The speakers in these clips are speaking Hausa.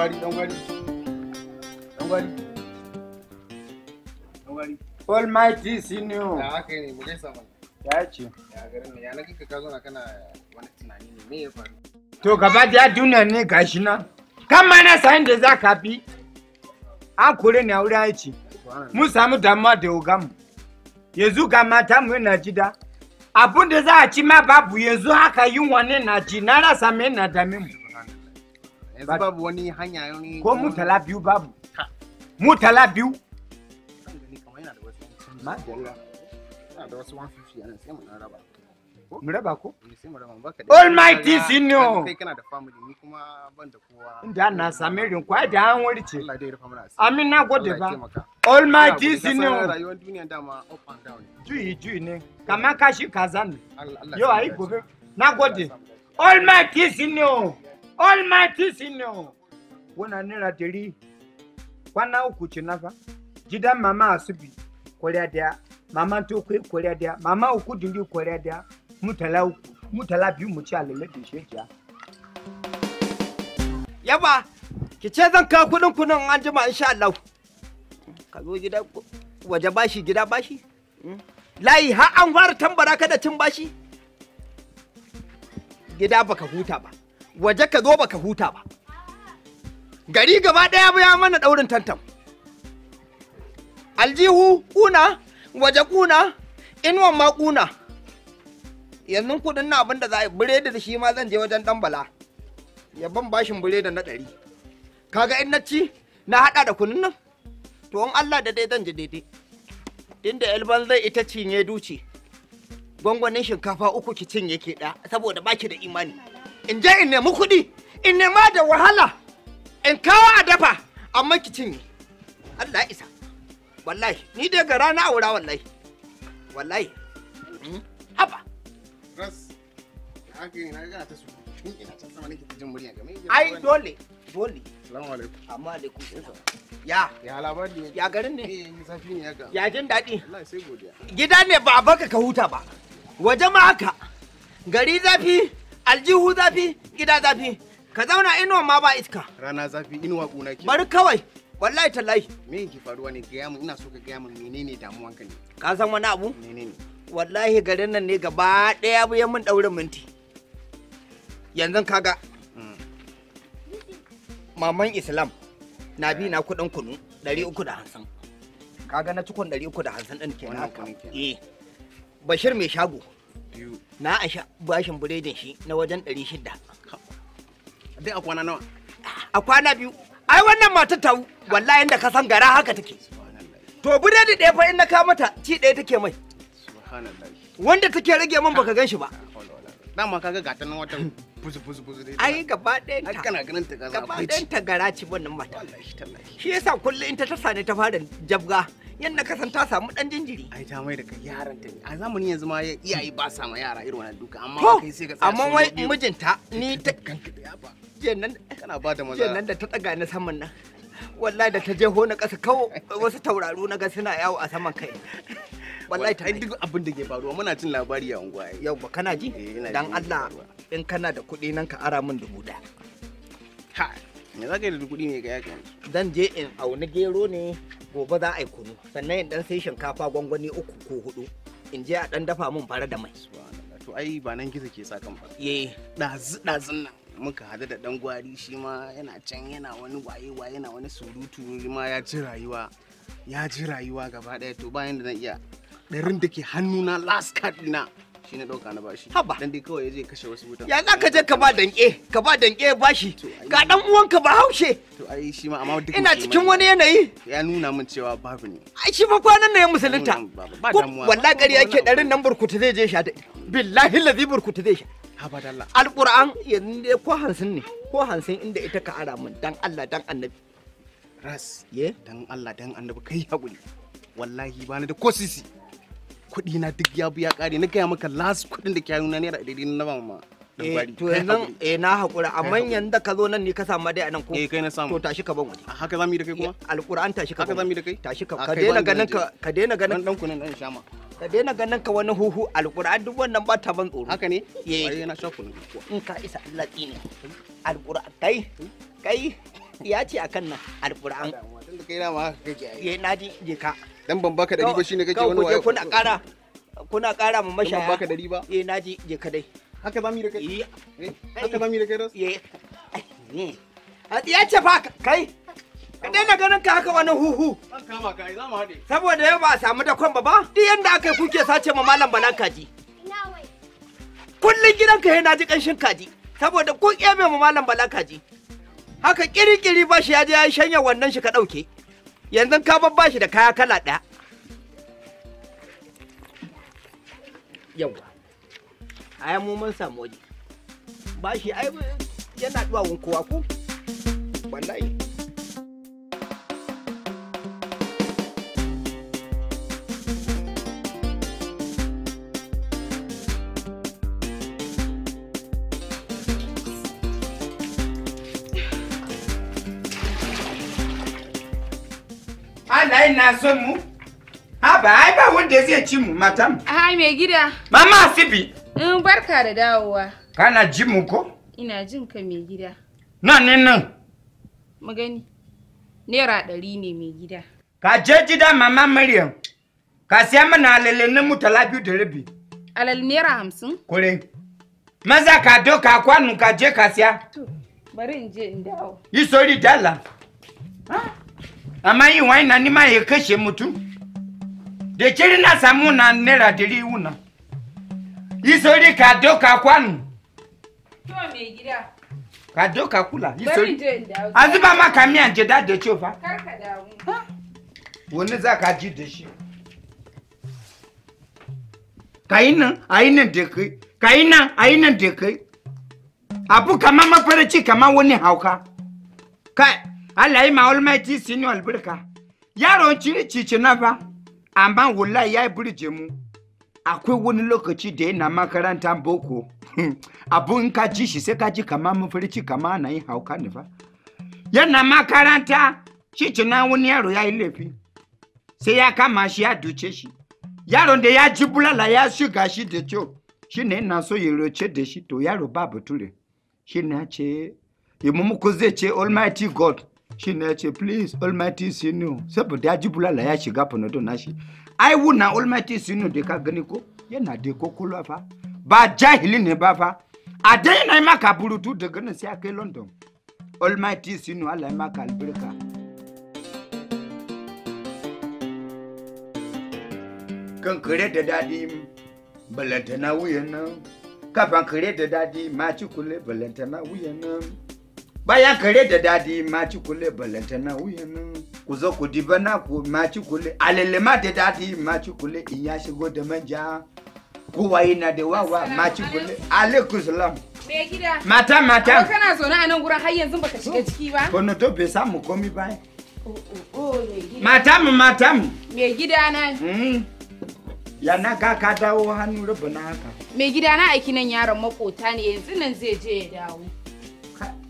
gwari dan gwari dan gwari dan almighty you ya haka ne mu gaisa na ka zo kana wani tunani ne me ya faru na kan ma na sayin da za ka bi an kore ne a aiki yanzu ga mata mu abun da za ci ma babu yanzu haka na ji na rasa yanzu babu wani hanya ko mutala biyu babu mutala biyu ma da wasu 150 eh, sai mu raba almighty da na rin da an Allah dai rufa amin na gode ba almighty rayuwar duniya up and down juyi juyi ne kashi gobe na gode almighty senior wannan nira dari kwana uku ce na gidan mama asubi koriya daya mama tokwe koriya daya mama uku dindi koriya daya mutala uku mutala biyu mu ci alele da shekiya yaba ki ce zan kawo kudin ku an jima insha Allah ka zo gida waje bashi gida bashi hmm? layi ha an fara tambara ka da cin bashi gida baka huta ba waje ka zo baka huta ba gari gaba ɗaya ya mana ɗaurin tantam aljihu kuna waje kuna inuwan ma kuna yanzu kudin na abin da za a da shi ma zan je wajen dan bala ya ban bashin biredin na ɗari kaga in na ci na haɗa da kunun nan to in allah da dai zan je daidai inda elban zai ita cinye duce, gwangwanin shinkafa uku ki cinye ke ɗaya saboda baki da imani in je in nemi kuɗi in nema da wahala in kawo a dafa amma ki cinye Allah isa wallahi ni dai ga rana aura wallahi wallahi hmm? haba ras na ga ta su ina can sama nake jin murya game ai dole dole salamu alaikum amma alaikum ya ya labar ne ya garin ne eh, safi ne ya ga ya jin daɗi wallahi sai godiya gida ne ba baka ka huta ba waje ma haka gari zafi aljihu zafi gida zafi ka zauna inuwa ma ba iska rana zafi inuwa kuna ke bari kawai wallahi tallahi me yake faruwa ne gaya ina so ka gaya mun menene damuwan ka ne ka san wani abu menene wallahi garin nan ne gaba daya bu mun daure minti yanzu kaga maman islam na bi na kudin kunu 350 kaga na cikon 350 din kenan eh bashir mai shago biyu na a bashin biredin shi na wajen ɗari shida dai a kwana nawa a kwana biyu ai wannan mata ta wallahi inda ka san gara haka take to buredi ɗaya fa in na ka mata ci ɗaya take mai wanda take rage min baka ah. gan shi ba dama kaga gata nan wata buzu buzu buzu dai ai gaba ɗayan ta kana ganin ta gaba ɗayan ta gara ci wannan mata shi yasa kullum in ta tasa ne ta fara jabga yadda ka san ta samu dan jinjiri ai ta mai da kai yaran ta a zamanin yanzu ma iyaye ba sa ma yara irin wannan duka amma kai sai ka tsaya amma wai mijinta ni ta kanka da yaba jennan kana ba da maza jennan da ta daga na saman nan wallahi da ta je ho kasa kawo wasu tauraro na ga suna yawo a saman kai wallahi ta duk abin da ke faruwa muna cin labari a unguwa yau ba kana ji eh, dan Allah in kana da kuɗi nan ka ara min dubu da ha me za ka yi da kuɗi ne ga yakan dan je in auna gero ne gobe za a yi kunu sannan in dan sai shinkafa gwangwani uku ko hudu in je a dan dafa mun fara da mai to ai ba nan gizo ke sakan ba ye eh. dazu dazun nan muka hadu da dan gwari shi ma yana can yana wani waye waye yana wani surutu ma ya ji rayuwa ya ji rayuwa gaba daya to bayan da na iya ɗarin da ke hannuna last card dina shi na dauka na bashi haba dan dai kawai zai kashe wasu wutan ya za ka je ka ba danke ka ba danke ya bashi ga dan uwanka ba haushe to ai shi ma amma duk ina cikin wani yanayi ya nuna min cewa babu ne ai shi ma kwanan ne ya musulunta wallahi ƙarya yake darin nan burkutu zai je sha billahi lazi burkutu zai sha haba dalla alquran yanzu dai ko hansin ne ko hansin inda ita ka ara min dan Allah dan annabi ras ye dan Allah dan annabi kai hakuri wallahi bani da ko sisi kuɗi na duk ya biya ƙari na gaya maka last kuɗin da kyayu na naira daidai na ba ma eh, to yanzu eh na hakura amma yanda ka zo nan ne ka samu dai anan ko eh kai na samu to tashi ka ban waje haka zamu yi da kai kuma eh, alquran tashi ka haka zamu yi da kai tashi ka ka daina ganin ka ka daina ganin dan kunin dan shama ka daina ganin ka wani huhu alquran duk wannan ba ta ban tsoro haka ne eh na sha kunin in ka isa Allah tsine alquran kai kai ya ce akan nan alquran tun da kai na ma kake yi eh, na ji je ka dan ban baka dari ba shine kake wani wayo kuna kara kuna kara mu mashaya ban baka dari ba eh naji je ka dai haka zamu yi da kai eh haka zamu yi da kai ras eh ya ce fa kai ka na ganin ka haka wani huhu kama za mu saboda yau ba a samu da kwan ba ba duk yanda akai kuke sace ma malam balan kaji kullun gidanka yana ji kanshin kaji saboda kun kebe ma malam balan kaji haka kirikiri ba shi ya je ya shanya wannan shi ka dauke yanzu ka babba shi da kaya kala ɗaya yawa a mu mun samu waje ba shi ai yana duwawun kowa ku wallahi na son mu? Ha ba, ai ba wanda zai ci mu matam. Ai mai gida. Mama Asibi. In mm, barka da dawowa. Kana ji mu ko? Ina jin ka mai gida. Nan ne nan. Mu gani. Naira ɗari ne mai gida. Ka je gida mama Maryam. Ka siya mana alale na mutala biyu da rabi. Alal naira hamsin? Kure. Maza ka doka kwanu ka je ka siya. To, bari in je in dawo. Yi sori dala. Ha? Ah. amma yi wani na nima ya kashe mutu. da kiri na samu na naira dari una isori ka doka kwanu ka doka kula isori a ma ka miyan jeda da cofa wani za ka ji da shi ka yi nan a yi nan da kai ka yi nan a yi nan da kai abu kama mafarci kama wani hauka kai ala ma almighty si ni yaro yaron cirici na ba amma wula ya burge mu akwai wani lokaci da yana makarantar boko abun ka ji shi sai ka ji kama mafarki kama na yin hauka ne fa yana makaranta cici na wani yaro ya yi laifi sai ya kama shi ya duce shi yaron da ya ji bulala ya shiga shi da kyau shi ne yana so ya roce da shi to yaro ba bature shi na ya ce yi zai ce almighty god shi ne ya ce please almighty sinu saboda ya ji bulala ya shiga fanado nashi ai wuna almighty sinu da ka gani ko yana da kokolo fa ba jahili ne ba fa a dai na maka burutu daga nan sai a kai london almighty sinu allah ya maka albarka kan kare da daɗi balantana wuyan nan kafan kare da daɗi ma ci kule na wuyan nan bayan kare da dadi maci kule balanta na wuyan ku zo ku diba na ku maci kule alele ma da dadi maci kule in ya shigo da manja kowa na da wawa maci kule alaikum salam mata mata ko kana zo a nan gura har yanzu baka shiga oh, ciki ba na to bai samu komi ba oh, oh, mata mu mata mu me gida na hmm. ya na ga ka dawo hannu rubuna haka me gida na aiki nan yaron makota ne yanzu nan zai je ya dawo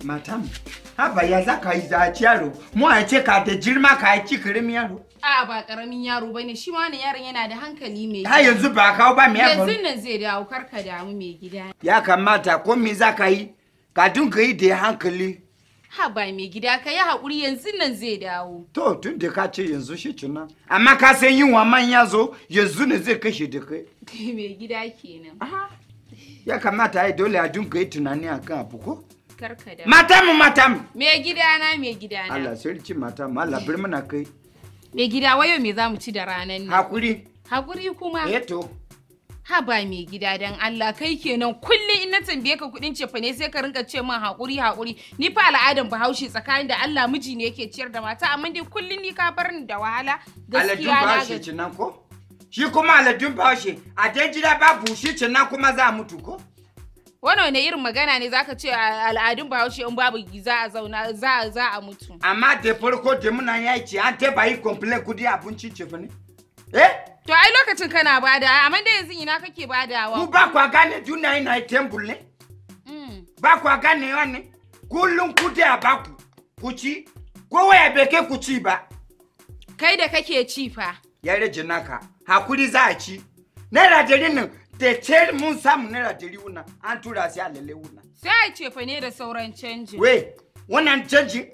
Matam, haba ya za ka yi zaci yaro, mu a ce ka da girma ka yi karamin yaro. a ba karamin yaro ba ne, shi ma wannan yaron yana da hankali mai. Ha yanzu ba kawo ba mai yaro Yanzu nan zai dawo karka ka damu mai gida. Ya kamata ko me za ka yi, ka dinga yi da hankali. Ha ba mai gida ka yi haƙuri yanzu nan zai dawo. To tun da ka ce yanzu shi cina. Amma ka san yin wa manya zo yanzu ne zai kashe da kai. Mai gida kenan. Ya kamata ai dole a dinga yi tunani akan abu ko? karka da mata mu mata mu me gidana me gidana Allah sarki mata mu Allah bir muna kai me gida wayo me zamu ci da ranan nan hakuri hakuri kuma eh to haba mai gida dan Allah kai kenan kullum in na tambaye ka kudin cefa ne sai ka rinka ce min hakuri hakuri ni fa al'adan bahaushe tsakanin da Allah miji ne yake ciyar da mata amma dai kullum ni ka bar ni da wahala gaskiya na ga nan ko shi kuma aladun bahaushe a dan gida babu shi nan kuma za mutu ko wani ne irin magana ne zaka ce al'adun bahaushe in babu za a zauna za za a mutu amma da farko da muna yaki an ta yi complain kudi abinci ce ne eh to ai lokacin kana bada amma da yanzu ina kake badawa ku ba kwa gane juna ina tembul ne mm. ba kwa gane wani kullum kudi a baku ku ci waya ya beke ku ci ba kai da kake ci fa ya rage naka hakuri za a ci naira dari nan da cer mun samu naira dari wuna an tura sai a lalle wuna sai a ce fa ne da sauran canji we wannan canji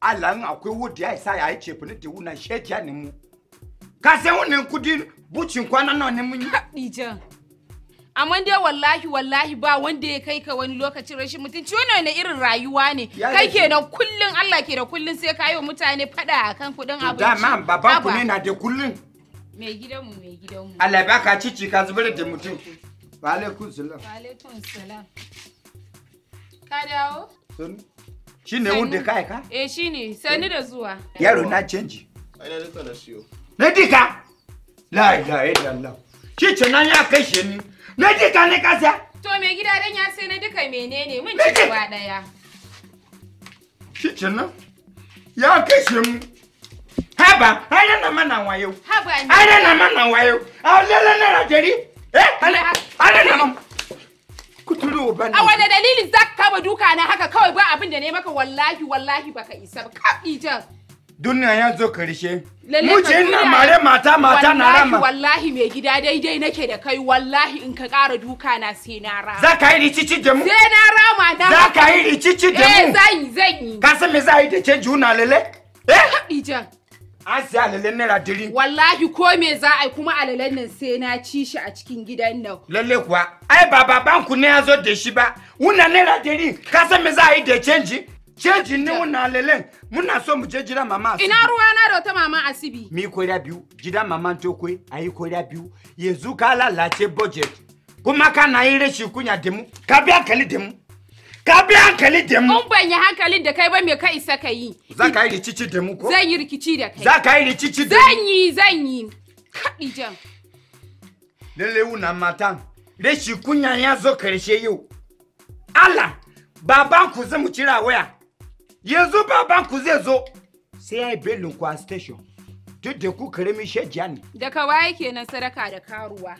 alan akwai wuda ya sa a yi ce fa ne da wuna shekiya ne mu ka san wannan kudin bucin kwanan nawa ne mun yi dijan amma dai wallahi wallahi ba wanda ya kai ka wani lokacin rashin mutunci wannan na irin rayuwa ne kai ke da kullun Allah ke da kullun sai ka yi wa mutane fada akan kudin abinci da ma baban ku ne na da kullun Mai gidanmu mai gidanmu. Allah ba ka cici ka zubar da mutum. Wa alaikum salam. Wa alaikum salam. Ka dawo? Sun. Shi ne wanda ka aika? Eh shi ne, sani da zuwa. Yaro na canji. Ai na duka na siyo. Na dika? La ila ilaha illallah. Shi ce nan ya kai shi ni. Na dika ne ka siya? To mai gida dan ya sai na dika menene mun ci gaba daya. Shi ce nan? Ya kai shi mu. Haba, aina na mana wayo. Haba, aina na mana wayo. A lele na rajeri. Eh, ana ana na mam. Kuturu A dalilin zaka kama duka na haka kawai ba abin da ne maka wallahi wallahi baka isa ba. Ka ijan. duniya ya zo karshe. Muce ina mare mata mata na rama. Wallahi mai gida daidai nake da kai wallahi in ka ƙara duka na sai na rama. Za ka yi ricici da mu. Sai na rama na. Za ka yi ricici da eh, mu. Eh zan yi zan yi. Ka san me za a yi da lele? Eh. An sai alalen naira dari. Wallahi ko me za a yi kuma alalen nan sai na ci shi a cikin gidan nan. Lalle kuwa, ai ba baban ku ne ya zo da shi ba. Wannan naira dari, ka san me za a yi da canji? Canji ne wannan alalen, muna so mu je gidan mama asibi. Ina ruwa na da wata mama asibi. Mi koda biyu, gidan mama tokoi, a yi koda biyu. Yanzu ka lalace budget. Kuma na yi rashin kunya da mu, ka biya kali da mu. Ka bi hankali da mu. In ban yi hankali da kai ba me ka isa ka yi. Za ka yi rikici da mu ko? Zan yi rikici da kai. Za ka yi rikici da mu. Zan yi zan yi. Kaɗi Lele Lalle wuna matan. Rashi kunya ya zo karshe yau. Allah baban ku zai mu cira waya. Yanzu baban ku zai zo. Sai ya yi belin ku a station. Duk da ku karamin shajiya ne. Da waye kenan sadaka da karuwa.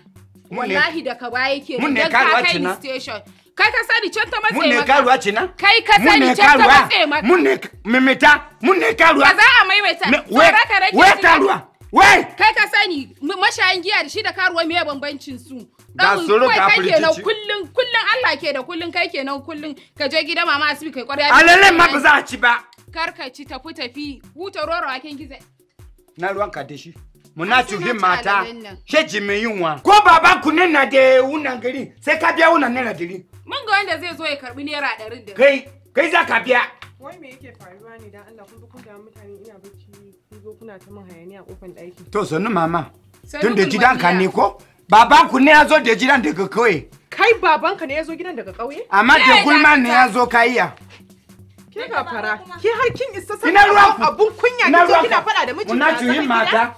Wallahi da kawaye kenan. Mun ne karuwa kenan. station. kai ka sani can ta matse maka mun ne karuwa ce na kai ka sani can ta matse maka mun ne mimita mun ne karuwa ba za a maimaita tsara wai karuwa wai kai ka sani mashayin giya da shi da karuwa me bambancin su da suru ka furtici kenan kullun kullun Allah ke da kullun kai kenan kullun ka je gida mama asibi kai kwarya alalen ma ba za a ci ba karkaci tafi tafi huta rora akin giza na ruwan ka da shi muna cuhin mata she jimin yunwa ko baban ku ne na da wunan gari sai ka biya wunan naira dari mun ga wanda zai zo ya karbi naira ɗarin kai kai za ka biya wai me yake faruwa ne dan Allah kun da mutane ina bacci zo kuna ta min hayaniya a kofar to sannu mama tun da gidan ka ne ko baban ku ne ya zo da gidan daga kauye kai baban ka ne ya zo gidan daga kauye amma da gulma ne ya zo kaiya ke ka fara ke har kin isa sanin abun kunya kina faɗa da miji na mata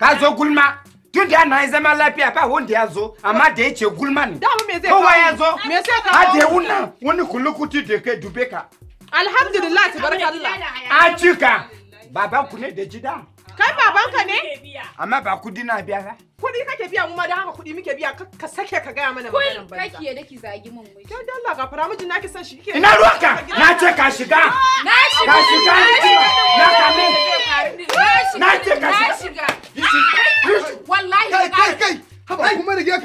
ka zo gulma tun da na zama lafiya ba wanda ya zo amma da ya ce gulma ne kowa ya zo a da wuna wani kulukuti da kai dube ka alhamdulillah tabarakallah a cika baban ku ne da jida kai baban ka ne amma ba ku na biya ba kudi kake biya mu ma da haka kudi muke biya ka sake ka gaya mana maganar banza kai kake da ki zagi mun mu kai da Allah gafara miji naki san shi kike ina ruwanka na ce ka shiga na shiga ka shiga na kame na ce ka shiga wallahi kai kai kai haba kuma ya na ji eh.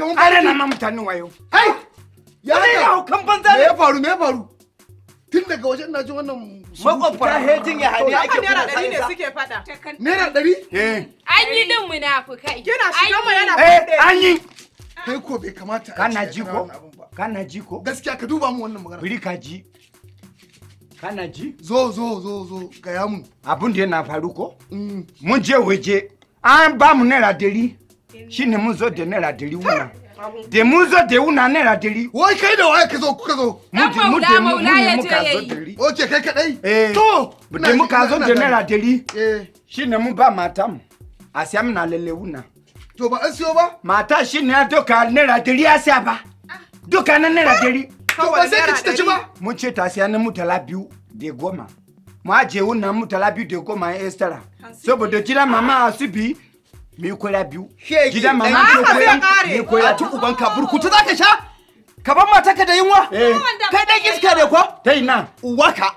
eh, ko bai kana ji ko gaskiya ka duba mu wannan magana biri ka ji kana ji zo zo zo zo ga yamu abun da yana faru ko mm. mun je waje an ba mu naira dari ne mun zo da naira dari wuna da mun zo da wuna naira dari wai kai da wai ka zo kuka zo mu da eh, mu da mu ne muka zo dari oke kai kadai to da muka zo da naira dari eh. shine mun ba matam a siya na lalle wuna to ba an siyo ba mata shine ya doka naira dari ya siya ba doka na naira dari to ba sai ka ci ta ci ba mun ce ta siya na mutala biyu da goma mwajewu na mutala de ko ma estara saboda jira mama su bi mi koya biyu jira mama ko koya mi ka burkutu zaka sha ka mata ka da yunwa kai iska de ko dai na uwaka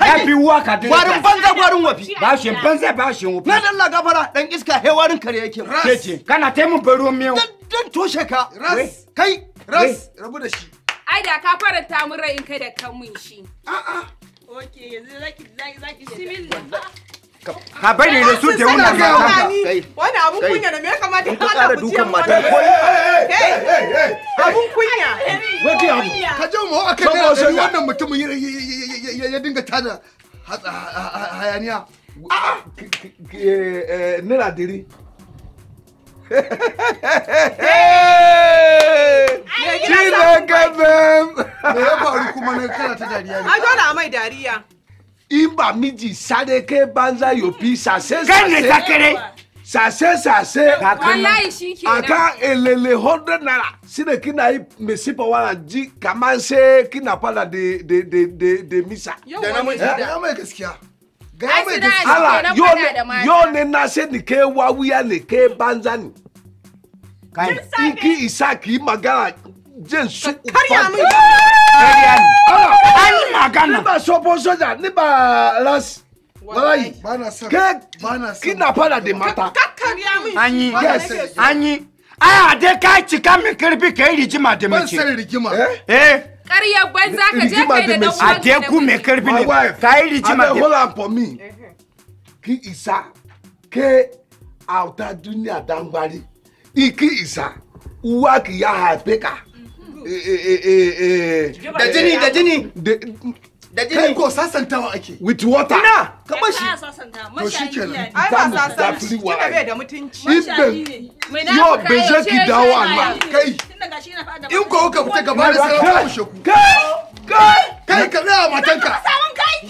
ya bi uwaka da warin banza gwarin wafi ba shi banza ba shi wafi na dalla gafara dan iska he warin kare yake kana taimun baro miyo dan toshe ka ras kai ras rabu da shi ai da ka faranta mun rai in kai da kan mun shi a'a Oke, Ka bari da su wuna Wani abun kunya da me ya kamata ka Allah ku dukan mata. Abun kunya. abu? Ka je mu aka wannan mutumin ya dinga tada hayaniya. Ah! Eh, eh, Nira diri. Cizon kabam. Me ya faru kuma ne kana ta dariya banza yofi sase sase. sase sase aka elele 100 naira sine kina yi mesi pa wala ji kaman se kina fada de de de de misa da na mai gaskiya ga mai da ala yo ne na ni ke ne ke banza ni kai iki isa ki magara jin su karya mun karya ni ani magana ni ba sobo soja ba las wallahi bana mata karya anyi anyi aya de kai cika mi kirbi kai rigima da mace ban san rigima eh? Eh? Ƙarya banza ka je kai da dan uwanka. A teku mai karfi ne. Ka yi rigima. Hold on for me. Ki isa ke auta duniya dangwari. Iki isa uwa ki ya haife ka. Da jini da jini. Da jini. Kai ko With water. Ina. Ka bashi. To shi kenan. Ai ba sasantawa. Kina bai da mutunci. Ibben. Yau bai je ki daga shi na fada in ko ka fita gaba da sai ka kushe ku kai kai kai matanka kai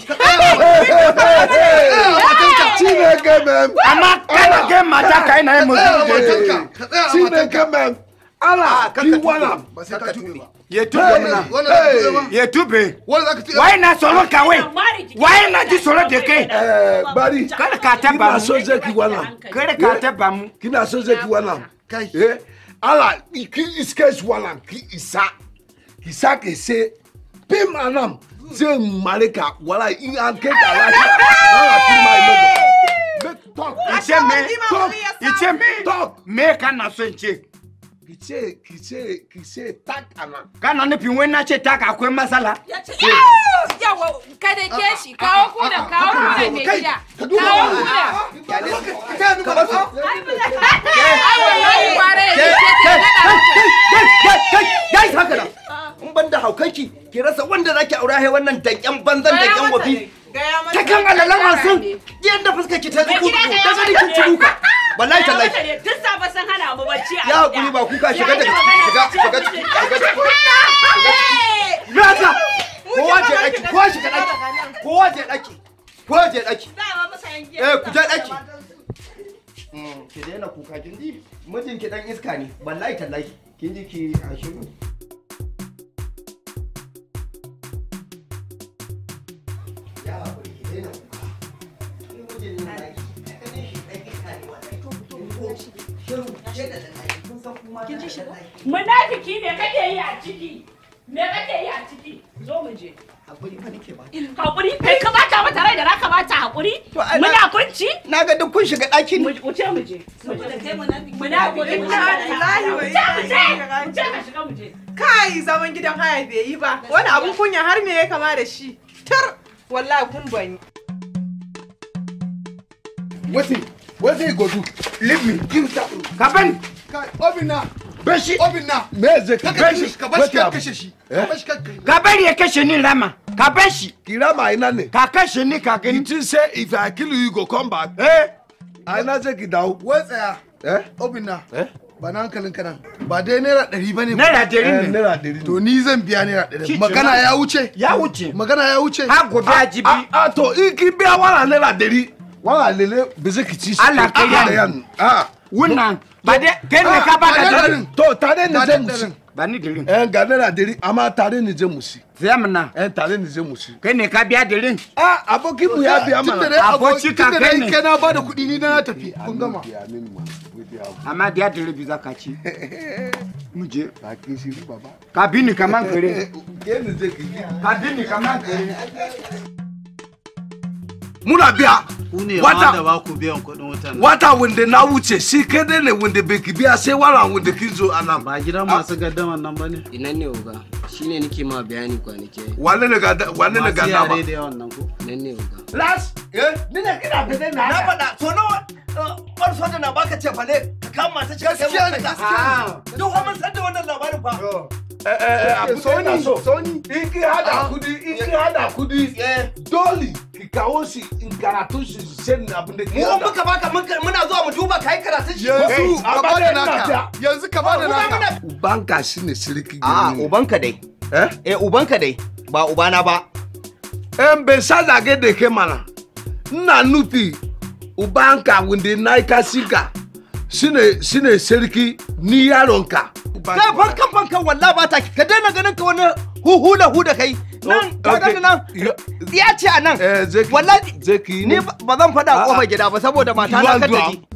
kai ala ki wala na na kai bari kina ki wala kai ala ki iskes walam ki isa isa ke se pim anam se maleka wala i anke ta la wala ti ma ilo talk icheme talk icheme talk me kana so nche ki ce ki ce ki ce tak anan kana nufin wai na ce tak akwai matsala yawa kada ke shi kawo kuda ah, ah, kawo ah, kuda mai gida kawo kuda ai wallahi bare ne ke ke haka nan in ban da haukanki ki rasa wanda zaki aura hai wannan danken banzan danken wafi ta kan alalan wasan yanda fuskar ki ta zuku da ci turuka wallahi tallahi duk safe sun hana mu bacci a ya hakuri ba kuka shiga daga shiga shiga shiga kowa je daki kowa shiga daki je daki kowa je daki eh ku je daki mm, ki daina kuka kin ji mijinki dan iska ne wallahi tallahi kin ji ki a ciki me kake yi a ciki zo mu je hakuri fa nake ba hakuri kai ka bata mata rai da raka bata hakuri muna kunci na ga duk kun shiga ɗakin mu ce mu je muna gudun ta lahi wa ita mu je mu ka shiga mu je kai zaman gidan haya bai yi ba wani abun kunya har me ya kama da shi tar wallahi kun bani What's it? What's Leave me. Give me that. Obina. bashi obin na me zai ka bashi eh? ka bashi ka kashe shi ka bari ya kashe ni rama ka bashi ki rama ina ne ka kashe ni ka gani tin if i kill you go come back eh ina zai ki dawo wai eh obin eh ba na hankalin kana ba dai naira eh, ne naira ɗari ne naira ɗari to ni zan biya naira ɗari magana ya wuce ya wuce magana ya wuce ha gobe a ah, jibi a ah, ah, to in kin biya wala naira ɗari wala lele ba ki ci shi Allah kai yan wannan ba dai kai ne da garin to tare ne zai musi ba ni dirin eh ga na diri amma tare ne musi zai na eh tare ne zai musi kai ne ka biya dirin a ah, abokin mu ya biya mana aboki ka kai ne kai na ba da kuɗi ni na tafi kun gama amma da ya diri bi za ka ci muje ka kin baba ka bi ni kaman kare ka bi ni kaman kare muna biya wata wata wanda na wuce shi kadai ne wanda bai ki biya sai wara wanda ki zo a nan ba gidan masu gaddama nan bane inan ne uga shine nake ma bayani kwanake wanne ne ga wanne ne ga na ba nan ne uga las eh ni ne kina fita na na fada to no bar eh, soja na baka ce fa ne ka kama ta ce kai mu gaskiya ne ah. duk mun san da wannan labarin fa ike ha na-akụdi ike ha na-akụdi doli ka o si karatu shi sen na abin da ke mu muka baka muna zuwa mu duba kai karatu shi yanzu ka ba da naka yanzu ka ba da naka ubanka shine siriki a ah, ubanka dai eh eh ubanka dai ba ubana ba em be sada ge de ke mana nna nufi ubanka wunde naika sika shine shine siriki ni yaronka ba kai farkan fankan wallahi ba ta ka daina ganin ka wani huhula hu da kai oh, nan ka gani nan ya ce a nan eh, wallahi ni ba zan faɗa a kofar gida ba saboda mata na kan